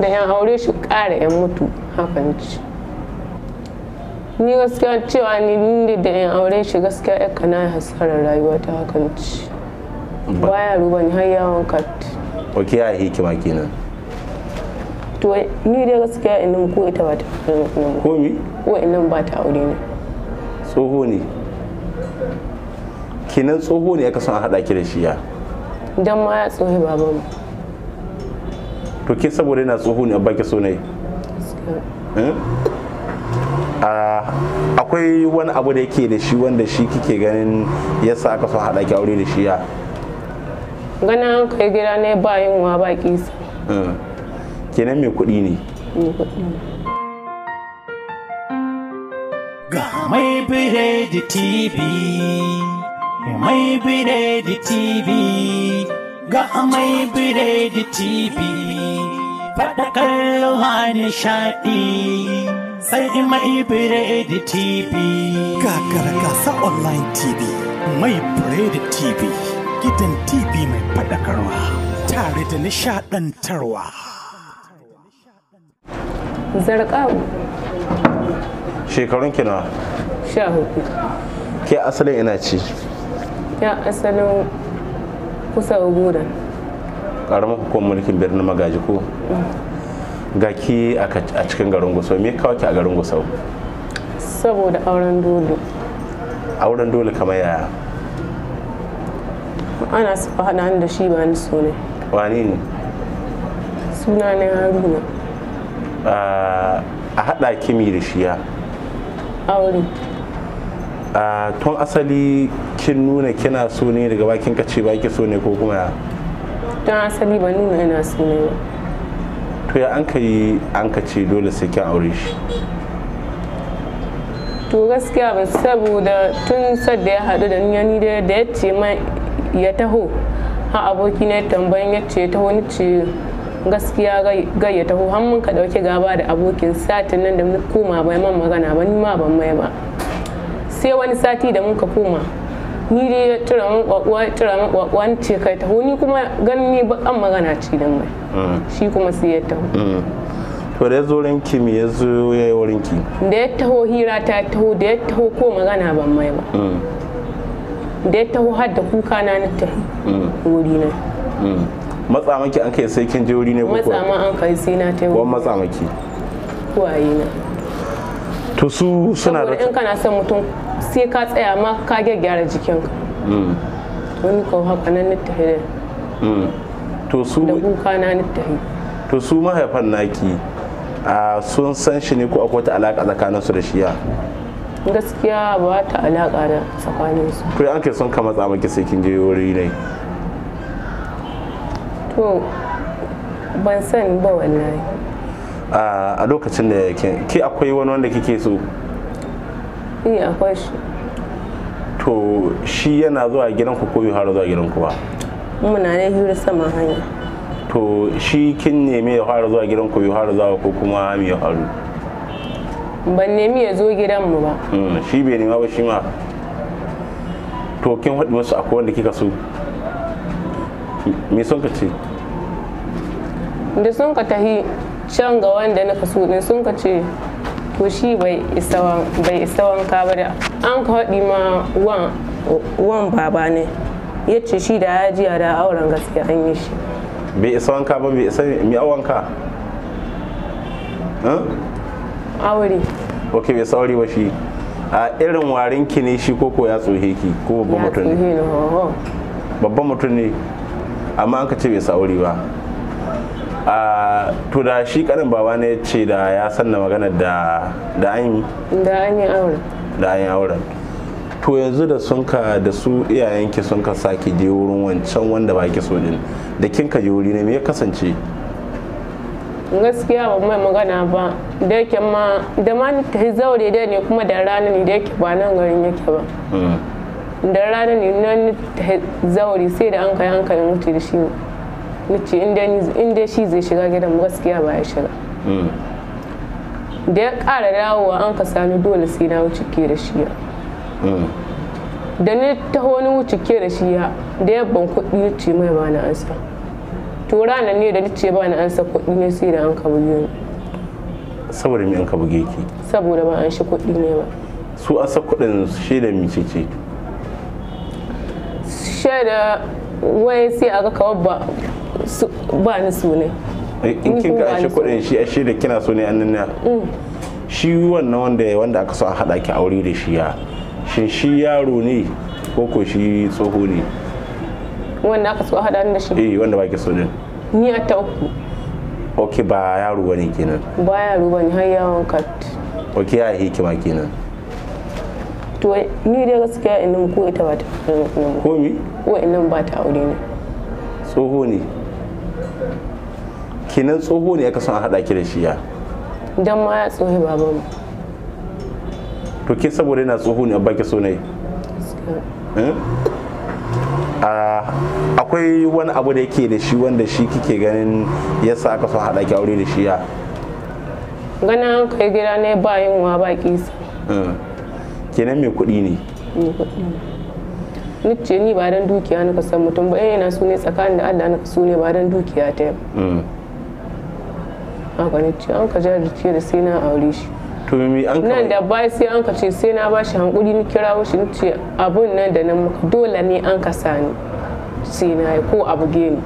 da yan aure shi kara yan mutu hakan ci ni gaskiya cewa ni da yan aure shi gaskiya ya kana hasarar rayuwa ta hakan ci ya ruba ni har yawon kat ok ya hikima kenan to ni dai gaskiya ina ko ita ba ta komi ko ina ba ta aure ne tsoho ne kenan tsoho ne ya kasan a haɗa ki da shi ya dan ma ya tsohi babanmu to ke saboda yana tsoho ne hmm? a baki so ne akwai wani abu da yake da shi wanda shi kike ganin yasa aka so haɗa ki aure da shi ya ganin kai gida ne ba wa ba kisa hmm. kenan mai kuɗi ne ga mai biredi tv mai biredi tv ga mai biredi tv faɗakar ruwa nishaɗi sai mai biredi TV. Kakara gasa online TV, mai biredi TV, gidan TV mai faɗakarwa tare da nishaɗantarwa. Zarƙau. Shekarun kina? Sha hudu. Ke asalin ina ci? Ya asalin kusa ugudan. karamar hukumar mulkin birnin magaji ko ga ki a cikin garin gusau me kawo ki a garin gusau saboda auren dole auren dole kamar yaya ana su faɗa da shi ba ni so ne wani ne suna ne haruna a haɗa kimi da shiya aure tun asali kin nuna kina so ne daga bakin kace ba ki so ne ko kuma don asali ba nuna yana suna ba to ya an ka yi an ka ce dole sai kin aure shi to gaskiya ba saboda tun sadda ya haɗu da ni ni da ya ce ma ya taho ha aboki na tambayin ya ce taho ni ce gaskiya gai ya taho har mun ka dauke gaba da abokin satin nan da koma bai man magana ba ni ma ban mai ba sai wani sati da muka koma ni dai tura min kwakwa tura min kwakwa ni ce kai taho ni kuma ganin ni bakan magana ci dan mai mm. shi kuma sai ya taho mm. to da ya zo ranki me ya zo ya yi da ya taho hira ta taho da ya taho ko magana ban mai ba mm. da ya taho har da kuka na ni ta wuri na matsa maki an kai sai kin je wuri ne ko matsa ma an kai sai na ta wani matsa maki waye na to su suna da in kana son mutum sai ka tsaya ma ka gyaggyara jikinka hmm. wani kawo haka nan na tafi hmm. to su da kuka na na tafi to su mahaifan naki a sun san shi ne ko akwai wata alaka tsakanin su da shiya gaskiya ba ta alaka da tsakanin su to an kai son ka matsa maki sai kin je wuri ne to ban san ba wallahi a lokacin da ke akwai wani wanda kike so eh akwai shi to shi yana zuwa gidan ku ko bai fara zuwa gidan ku ba muna ne hira sama hanya to shi kin nemi ya fara zuwa gidan ku fara zuwa ko kuma mi ya faru ban nemi ya zo gidan mu ba hmm, shi bai nema ba shi ma to kin faɗi wasu akwai wanda kika so me son ka ce da sun ka tahi can ga wanda na kaso din sun ka ce ko shi bai isa wanka ba da an kaɗi ma wan baba ne ya ce shi da ya da auren gaske an yi shi bai isa wanka ba bai isa mi wanka aure ok bai sauri ba shi a irin warin ki ne shi koko ya tsohe ki ko babban mutum ne babban mutum ne amma an ka ce bai sauri ba a to da shi karin baba ne ya ce da ya sanna magana da da an yi da an yi aure da an yi aure to yanzu da sun ka da su iyayenki sun ka sake je wurin wancan wanda ba ki so din da kin ka je wuri ne me ya kasance gaskiya ba mai magana ba da yake ma da ma ta zaure da ne kuma da rana ne da yake ba nan garin yake ba hmm. da rana ne nan ta zaure sai da an kai an kai mutu da shi ne nace in dai shi zai shiga gidan gaskiya ba ya shiga hmm. da ya ƙara dawowa an ka sami dole sai na wuce ke da shiya hmm. da ni ta wani wuce ke da shiya da yabban kuɗi ya ce mai ba na ansa to ranar ne da ni ce ba na ansa kuɗi ne sai da an ka buge ni saboda me an ka buge ki saboda ba an shi kuɗi ne ba su asa kuɗin shaida mi ce shaida wai sai a ga kawai ba ba ni su ne eh, in kin ga ashe kudin shi ashe da kina so ne annina mm. shi wannan wanda wanda aka so a hada ki aure da shi ya shin shi yaro ne ko ko shi tsoho ne wanda aka so a hada da shi eh wanda baki so din ni a ta uku ok ba yaro bane kenan ba yaro bane har yawon kat ok ya hikima kenan to ni dai gaskiya inin ko ita ba ta ko mi ko inin ba ta aure ne tsoho ne kenan tsoho ne ya kasan a haɗa ki da shi ya dan ma ya tsohe baban to ke saboda yana tsoho ne abba ki so ne hmm? akwai wani abu da yake da shi wanda shi kike ganin yasa aka so haɗa ki aure da shi ya an kai gida ne ba wa ba sa. Hmm. kenan mai kuɗi ne mai kuɗi ne ni ce ni ba dan dukiya na san mutum ba yana eh, so ne tsakanin da Allah na so ne ba dan dukiya ta yi mm. a ni ce an ka ce da sai na aure shi nan da bai sai an ka ce sai na bashi hankuri ni kira shi nice abun nan da nan muka dole ne an ka sani sai na yi ko abu geni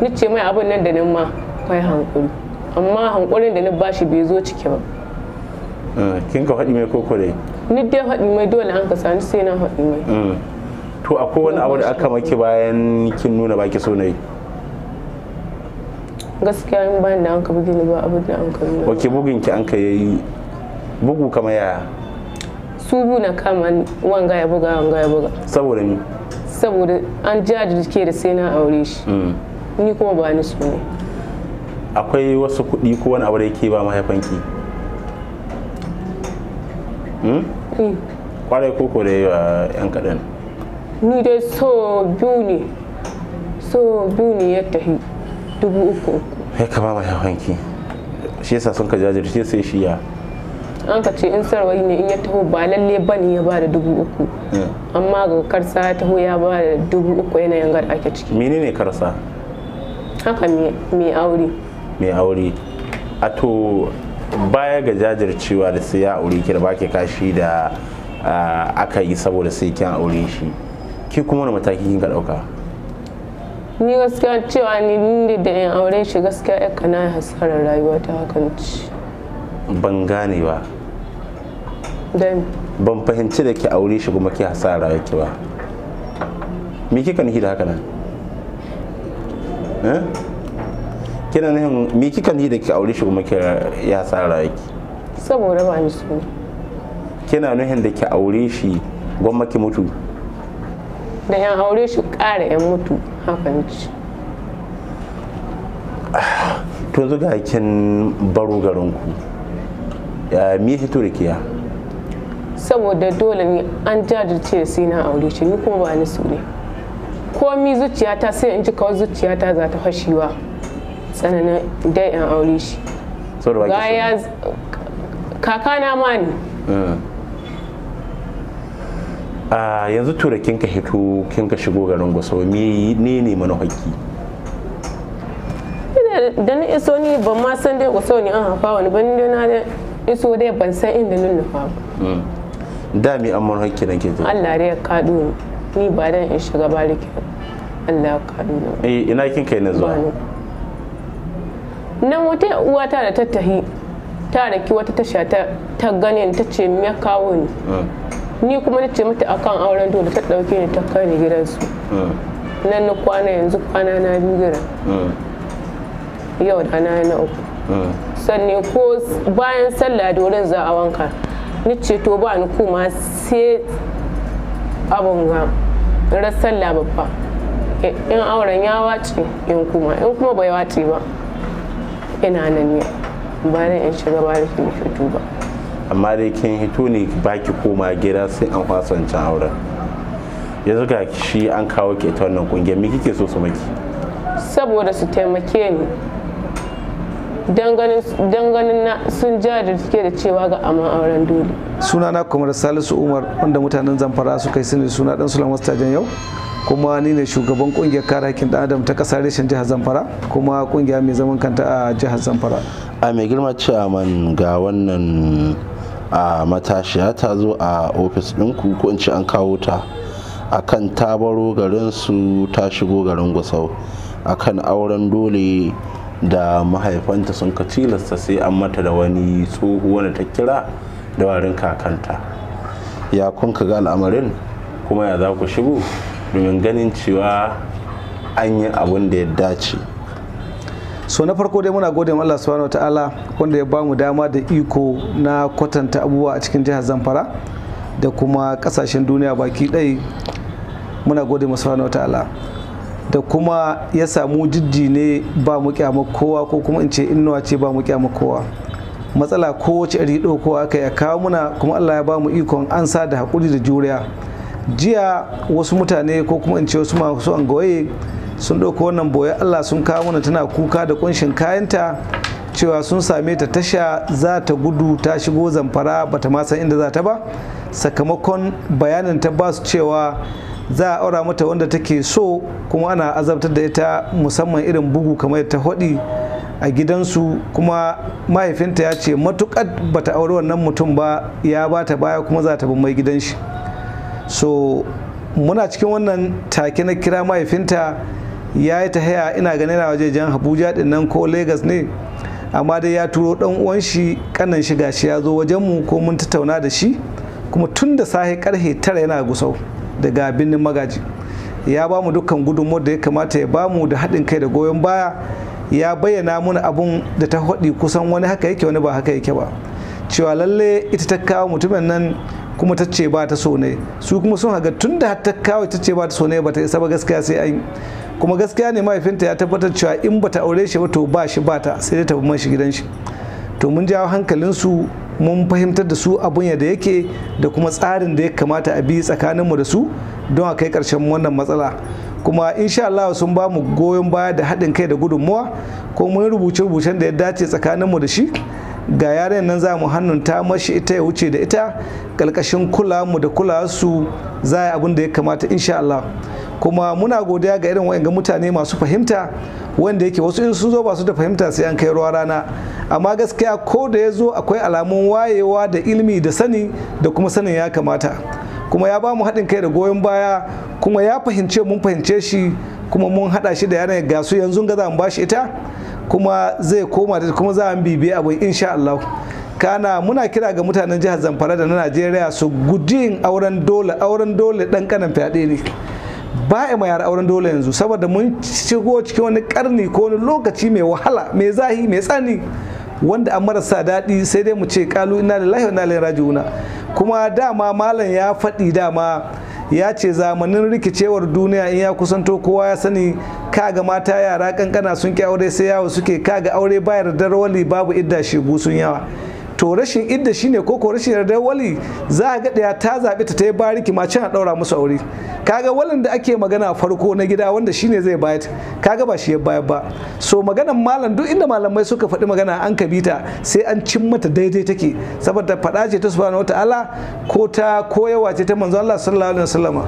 ni ce mai abun nan da nan ma kai hankuri amma hankulin da ni bashi bai zo ciki ba mm. kin ka faɗi mai koko dai ni dai faɗi mai dole an ka sani sai na faɗi mai mm. to akwai wani abu da aka maki bayan kin nuna baki so na yi gaskiya in bayan da an ka bugi ni ba abu da an ka nuna ok bugin ki an ka yi bugu kama yaya su bu na kama wanga ya buga wanga ya buga saboda ni saboda an jajirce da sai na aure shi mm. ni kuma ba ni so ne akwai wasu kuɗi ko wani abu da yake ba mahaifanki hmm? mm. kwarai koko da yawa ah, yan kaɗan ni dai so biyu ne so biyu ne ya tafi dubu uku uku. ya kama ya hanki shi yasa sun ka jajirce sai shi ya an ka ce in sarwai ne in ya taho ba lalle ba ne ya ba da dubu uku hmm. amma ga karsa ya taho ya ba da dubu uku yanayin gada ake ciki menene karsa haka mai aure mai aure a to baya ga jajircewa da sai ya aure ki da ke kashi da ah, aka yi saboda sai kin aure shi ke kuma wani mataki kin ka dauka ni gaskiya cewa ni ne da yan aure shi gaskiya ya kana hasarar rayuwa ta hakan ci ban gane ba dan ban fahimci da ke aure shi kuma ke hasarar rayuwa ki ba me kika nufi da haka nan eh kina nufin me kika nufi da ke aure shi kuma ke ya hasarar rayuwa ki saboda ba ni so kina nuhin da ke aure shi gwamnati mutu da yan aure shi kara yan mutu hakan ci to zuga kin baro garin ya mi hito rikiya kiya saboda dole ne an jajirce da sai na aure shi ni kuma ba ni su ne komi zuciyata sai in ji kawai zuciyata za ta fashewa tsananin dai yan aure shi kakana ma ne mm. a yanzu tura kin ka hito kin ka shigo garin gusau me ne ne mana haƙƙi da ni iso ni ban ma san dai gusau ne an hafa wani ban dai na iso dai ban san inda nun nufa ba hmm. da mi an mana haƙƙi nake to Allah dai ya kadu ni ba dan in shiga bariki Allah ya kadu eh ina kin kai na zuwa nan wata uwata da tattahi ta raki wata tasha ta ganin ta ce me kawo ni hmm. ni kuma na ce mata akan auren dole ta dauke ni ta kai ni gidansu eh. nan na kwana yanzu kwana na biyu gidan eh. yau da na na uku eh. sannan ko bayan sallah da wurin za a wanka ni ce to ba ni kuma sai abun ga ran sallah babba in auren ya wace in kuma in kuma bai wace ba ina nan ne bayan in shiga ba da fito ba amma dai kin hito ne baki koma gida sai an kwasanci auren yanzu ga shi an kawo ki ita wannan kungiyar me kike so su maki saboda su taimake ni danganin na sun suke da cewa ga aman auren dole suna kuma da salisu umar wanda mutanen zamfara suka yi sani suna dan sulan wastajen yau kuma ni ne shugaban kungiyar kare hakkin dan adam ta kasar reshen jihar zamfara kuma kungiya mai zaman kanta a jihar zamfara a mai girma man ga wannan a matashiya ta zo a ofis ɗinku ko in ce an kawo ta akan ta baro garin su ta shigo garin gusau akan auren dole da mahaifanta sun ka tilasta sai an mata da wani tsoho wanda ta kira da warin kakanta ya kun ka ga al'amarin kuma ya za ku shigo domin ganin cewa an yi abin da ya dace so na farko dai muna gode Allah subhanahu wataala wanda ya bamu dama da iko na kwatanta abubuwa a cikin jihar Zamfara da kuma kasashen duniya baki ɗai muna gode masu subhanahu wataala da kuma ya samu jiddi ne ba mu kyamar kowa ko kuma in ce innuwa ce ba mu kyamar kowa matsala kowace iri ko aka ya kawo muna kuma Allah ya ba mu ikon ansa da haƙuri da juriya jiya wasu mutane ko kuma in ce wasu masu angoye sun ɗauko wannan boye allah sun kawo mana tana kuka da kunshin kayanta cewa sun same ta tasha za ta gudu ta shigo zamfara bata ma san inda za ta ba sakamakon bayanin ta ba su cewa za a aura mata wanda take so kuma ana azabtar da ita musamman irin bugu kamar ta hodi a gidansu kuma mahaifinta ya ce matukar bata aure wannan mutum ba ya ba ta baya kuma za ta mai gidan shi so muna cikin wannan take na kira mahaifinta ya yi haya ina ganin yana waje jan abuja din nan ko lagos ne amma dai ya turo dan uwan shi kanan shi gashi ya zo wajen mu ko mun tattauna da shi kuma tun da sahi karhe tara yana gusau daga birnin magaji ya ba mu dukkan gudunmuwar da ya kamata ya ba mu da haɗin kai da goyon baya ya bayyana mun abun da ta haɗi kusan wani haka yake wani ba haka yake ba cewa lalle ita ta kawo mutumin nan kuma ta ce ba ta so ne su kuma sun haga tun da ta kawai ta ce ba ta so ne ba ta isa ba gaskiya sai an kuma gaskiya ne mahaifinta ya tabbatar cewa in ba ta aure shi ba to ba shi ba ta sai dai ta bi shi gidan shi to mun jawo su mun fahimtar da su abun ya da yake da kuma tsarin da ya kamata a bi mu da su don a kai karshen wannan matsala kuma insha Allah sun ba mu goyon baya da haɗin kai da gudunmuwa ko mun rubuce-rubucen da ya dace tsakanin mu da shi ga yaren nan za mu hannunta mashi ita ya wuce da ita kalkashin kula mu da kula su za a abin da ya kamata insha Allah kuma muna godiya ga irin wa'in mutane masu fahimta wanda yake wasu in sun zo ba su da fahimta sai an kai ruwa rana amma gaskiya ko da ya zo akwai alamun wayewa da ilimi da sani da kuma sanin ya kamata kuma ya ba mu haɗin kai da goyon baya kuma ya fahimce mun fahimce shi kuma mun haɗa shi da yanayi ga su yanzu ga za mu ba shi ita kuma zai koma da kuma za a bibiye abin insha Allah kana muna kira ga mutanen jihar Zamfara da na Najeriya su guji yin auren dole auren dole dan kanan fyaɗe ne ba a mayar auren dole yanzu saboda mun shigo cikin wani karni ko wani lokaci mai wahala mai zahi mai tsani wanda an marasa daɗi sai dai mu ce kalu ina lillahi wa inna ilaihi raji'una kuma dama malam ya faɗi dama ya ce zamanin rikicewar duniya in ya kusanto kowa ya sani kaga mata yara kankana sun ki aure sai yawo suke kaga aure bayar da rawali babu idda shi sun yawa to rashin idda shine ko ko rashin yardar wali za ga daya ta zabi ta tayi bariki ma can a daura musu aure kaga walin da ake magana farko na gida wanda shine zai bayar kaga ba shi ya bayar ba so maganan malam duk inda malamai suka faɗi magana an ka kabita sai an cin mata daidai take saboda faɗa ce ta subhanahu wataala ko ta koyawa ce ta manzo Allah sallallahu alaihi wasallama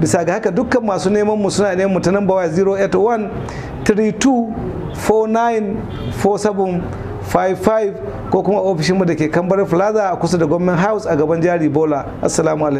bisa ga haka dukkan masu neman mu suna neman mu ta namba waya 081 32 4947 55 ko kuma ofishinmu da ke kambar plaza a kusa da gwamnan house a gaban jari bola assalamu alaikum